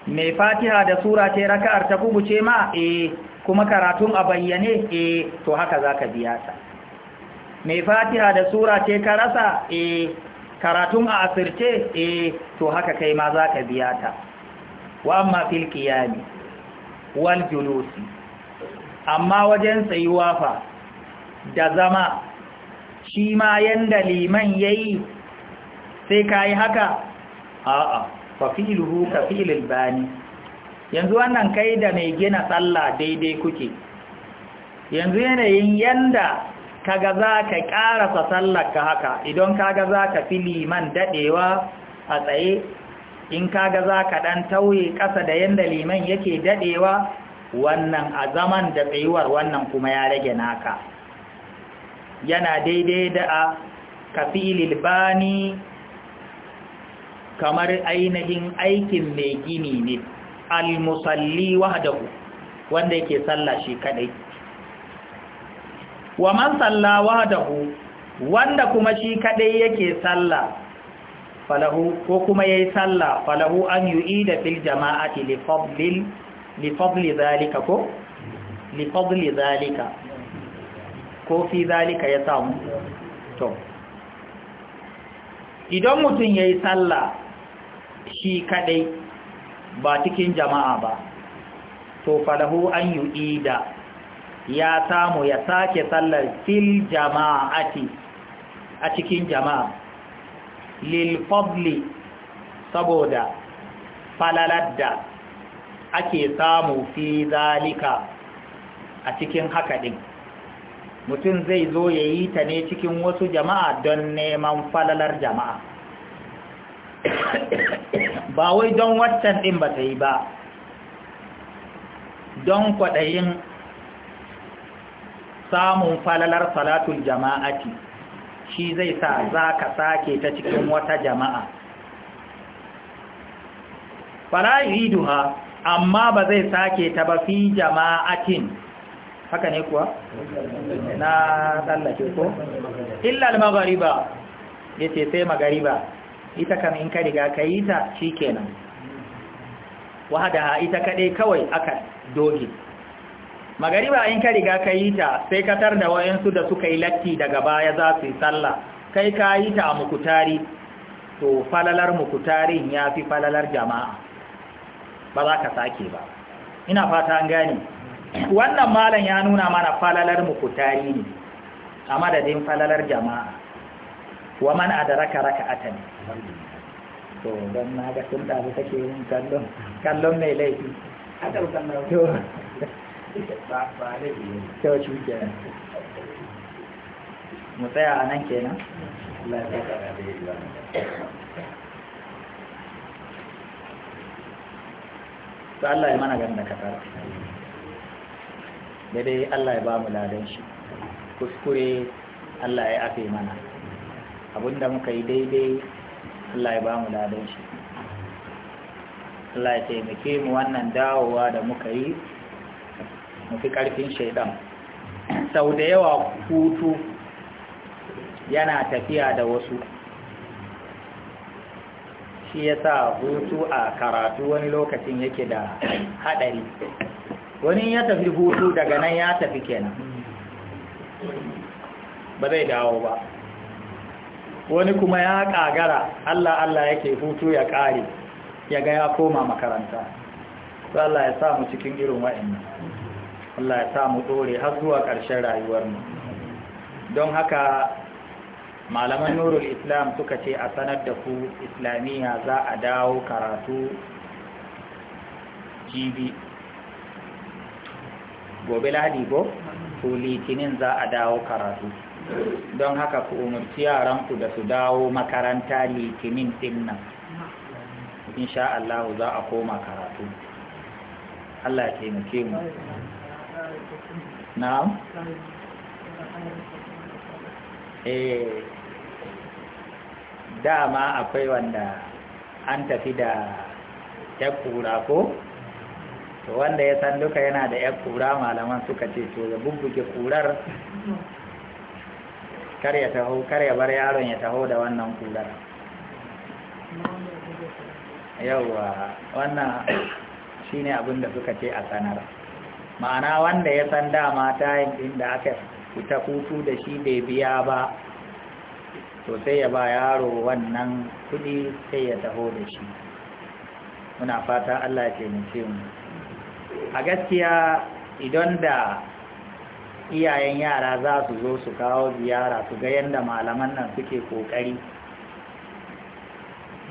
mai fatiha da sura ce raka'ar ta kubuce ma e kuma karatun a bayyane e to haka za ka biya ta mai fatiha da sura ce ka rasa e karatun a asirce eh to haka kai ma za ka biya ta wa amma fil qiyami wal julusi amma wajen tsayuwa fa da zama shi ma yanda liman yayi sai kai haka a'a fa fi'luhu ka fi'lil bani yanzu wannan kai da mai gina sallah daidai kuke yanzu yanayin yanda kaga za ka ƙarasa sallar ka haka idan kaga za ka fi liman daɗewa a tsaye in kaga za ka ɗan tauye ƙasa da yadda liman yake daɗewa wannan a zaman da tsayuwar wannan kuma ya rage naka yana daidai da a kafilil bani kamar ainihin aikin mai gini ne al-musalli wahdahu wanda yake sallah shi kadai wa man salla wahdahu wanda kuma shi kadai yake salla falahu ko kuma yayi salla falahu an yu'ida fil jama'ati li fadlin li fadli zalika ko li fadli zalika ko fi zalika ya samu to idan mutun yayi salla shi kadai ba cikin jama'a ba to falahu an yu'ida ya samu ya sake sallar fil jama'ati a cikin jama'a lil fadli saboda falaladda da ake samu fi zalika a cikin haka din mutum zai zo ya yi ta ne cikin wasu jama'a don neman falalar jama'a [coughs] ba wai don waccan ɗin ba ta yi ba don kwaɗayin samun falalar salatul jama'ati shi zai sa za ka sake ta cikin wata jama'a fala duha amma ba zai sake ta ba fi jama'atin haka ne kuwa na tsallake ko illal magariba yace sai magariba ita kam in ka riga ka yi ta shikenan wahadaha ita kadai kawai aka dogi. Magari ba in ka riga ka yi ta sai ka tar da wayansu da suka yi latti daga baya za su yi sallah kai ka yi ta a mukutari to falalar mukutarin ya fi falalar jama'a ba za ka sake ba ina fata an gane wannan malam ya nuna mana falalar mukutari ne a madadin falalar jama'a wa man raka raka'atan to dan na ga sun da take yin kallon kallon mai laifi kyau shi kenan mu tsaya a nan kenan su Allah ya mana ganin da ka katar daidai Allah ya ba mu ladan shi kuskure Allah ya afe mana abinda muka yi daidai Allah ya ba mu ladan shi Allah ya taimake mu wannan dawowa da muka yi mafi ƙarfin shaidan sau da yawa hutu yana tafiya da wasu shi ya sa hutu a karatu wani lokacin yake da haɗari wani ya tafi hutu daga nan ya tafi kenan ba zai dawo ba wani kuma ya ƙagara Allah Allah yake hutu ya ƙare ya ga ya koma makaranta Allah ya samu cikin irin nan Allah ya sa mu dore har zuwa ƙarshen rayuwarmu don haka malaman nurul islam suka ce a sanar da ku islamiyya za a dawo karatu jibi gobe ladi go to litinin za a dawo karatu don haka ku umarci yaran ku da su dawo makaranta litinin din nan insha Allah za a koma karatu Allah ya taimake mu na'am eh dama akwai wanda an tafi da ‘yan kura ko? to wanda ya san duka yana da ‘yan kura malaman suka ce to ya bubbuke kurar kar ya taho kar ya bar yaron ya taho da wannan kurar yauwa wannan shine abin da suka ce a sanar ma'ana wanda ya san dama tayin yin da aka fita hutu da shi bai biya ba to sai ya ba yaro wannan kudi sai ya taho da shi muna fata Allah ya taimake mu a gaskiya idan da iyayen yara za su zo su kawo ziyara su ga yadda malaman nan suke kokari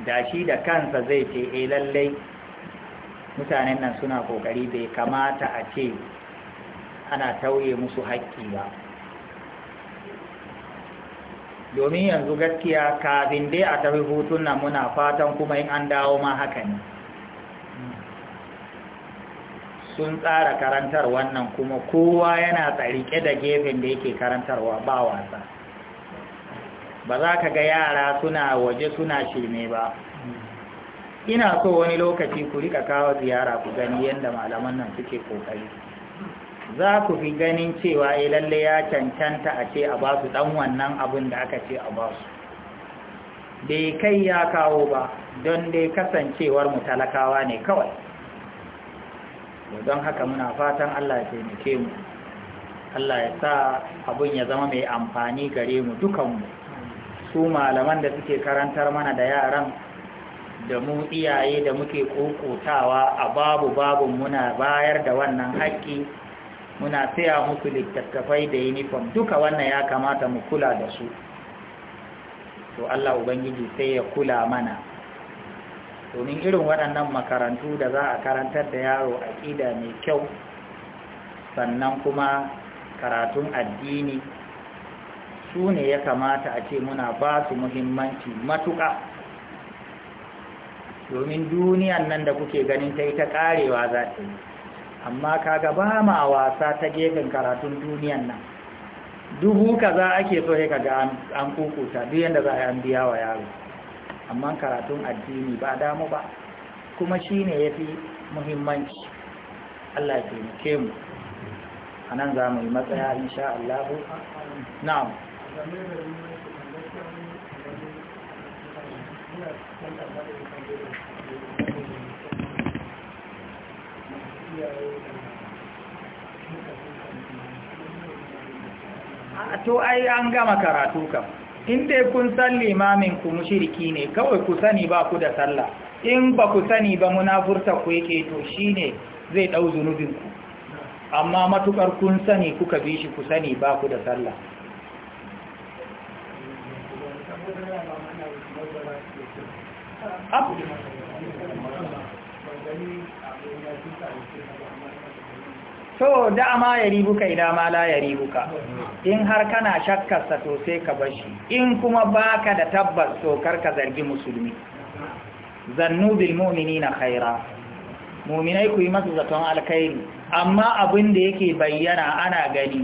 da shi da kansa zai ce eh lallai mutanen nan suna kokari bai kamata a ce ana tauye musu haƙƙi ba domin yanzu gaskiya kafin dai a tafi hutun nan muna fatan kuma in an dawo ma haka ne sun tsara karantar wannan kuma kowa yana tsarike da gefen da yake karantarwa ba wasa ba za ka ga yara suna waje suna shirme ba ina so wani lokaci ku rika kawo ziyara ku gani yadda malaman nan suke kokari za ku fi ganin cewa ya eh, lalle ya cancanta a ce a ba su dan wannan abin da aka ce a ba su bai kai ya kawo ba don dai kasancewar mu talakawa ne kawai don haka muna fatan Allah ya taimake mu Allah ya sa abin ya zama mai amfani gare mu dukanmu su malaman da suke karantar mana da yaran da mu iyaye da muke kokotawa a babu babu muna bayar da wannan haƙƙi muna saya musu littattafai da uniform duka wannan ya kamata mu kula da su to Allah ubangiji sai ya kula mana domin irin waɗannan makarantu da za a karantar da yaro a ƙida mai kyau sannan kuma karatun addini su ne ya kamata a ce muna ba su muhimmanci matuƙa domin duniyan nan da kuke ganin ta ta karewa za ta yi amma kaga ba a wasa ta gefen karatun duniyan nan dubu a ake so ka ga an kukuta duk yadda za a yi an biya wa yaro amma karatun addini ba damu ba kuma shi ne ya fi muhimmanci Allah ya taimake mu A nan za mu yi matsaya insha Allah na'am game da a to ai an gama karatu kam in dai kun san limamin ku mushriki ne kawai ku sani ba ku da sallah in ba ku sani ba munafurta ku yake to shine zai dau zunubin ku amma matukar kun sani kuka bi shi ku sani ba ku da sallah Up. to dama ya ribuka idan ma la ya ribuka in har kana shakkarsa to sai ka bashi in kuma baka da tabbas to ka zargi musulmi zannu bil mu'minina khaira mu'minai ku yi masa zaton alkhairi amma abin da yake bayyana ana gani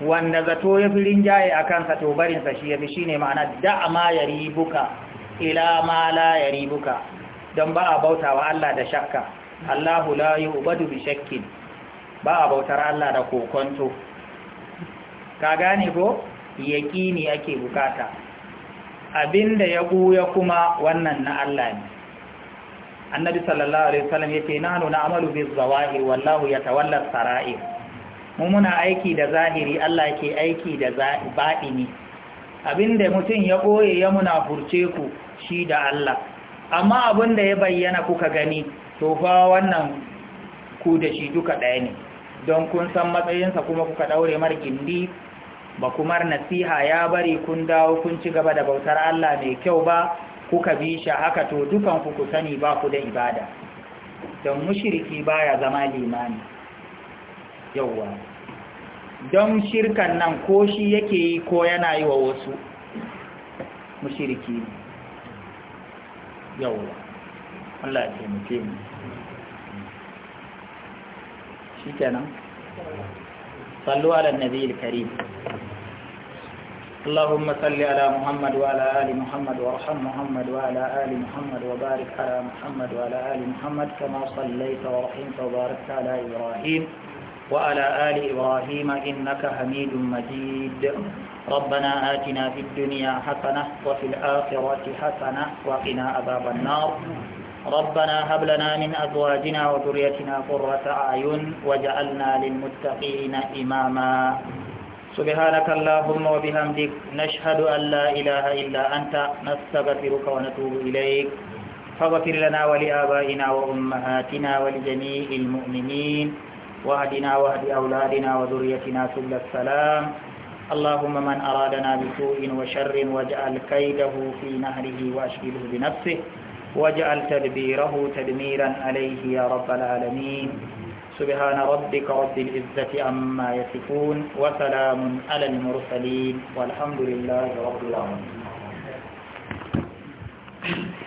wanda zato ya fi rinjaye a kansa to barinsa shi ya fi shi ne ma'ana ma ya ribuka ila ma la ya ribuka don ba a wa Allah da shakka Allahu la ubadu bi shakkin ba a bautar Allah da kokonto ka gane ko yaqini ake bukata abinda ya buya kuma wannan na Allah ne annabi sallallahu alaihi wasallam yace nanu na'malu bi zawahi wallahu yatawalla sara'ir mu muna aiki da zahiri Allah ke aiki da ne. abinda mutum ya boye ya muna furce ku shi da Allah amma abinda ya bayyana kuka gani to fa wannan ku da shi duka ɗaya ne don kun san matsayinsa kuma kuka ɗaure mar gindi ba kuma nasiha ya bari kun dawo kun ci gaba da bautar Allah mai kyau ba kuka bi shi haka to dukan ku sani ba ku da ibada don mushriki baya zama limani yawwa don shirkan nan ko shi yake yi ko yana yi wa wasu mushriki yawwa shi kenan sallu ala nabi karim اللهم صل على محمد وعلى آل محمد وارحم محمد وعلى آل محمد وبارك على محمد وعلى آل محمد كما صليت ورحمت وباركت على إبراهيم وعلى آل إبراهيم إنك حميد مجيد ربنا آتنا في الدنيا حسنة وفي الآخرة حسنة وقنا عذاب النار ربنا هب لنا من أزواجنا وذريتنا قرة أعين وجعلنا للمتقين إماما سبحانك اللهم وبحمدك نشهد أن لا إله إلا أنت نستغفرك ونتوب إليك فاغفر لنا ولآبائنا وأمهاتنا ولجميع المؤمنين واهدنا واهد أولادنا وذريتنا سبل السلام اللهم من أرادنا بسوء وشر واجعل كيده في نهره وأشغله بنفسه واجعل تدبيره تدميرا عليه يا رب العالمين سبحان ربك رب العزة عما يصفون وسلام على المرسلين والحمد لله رب العالمين Thank you.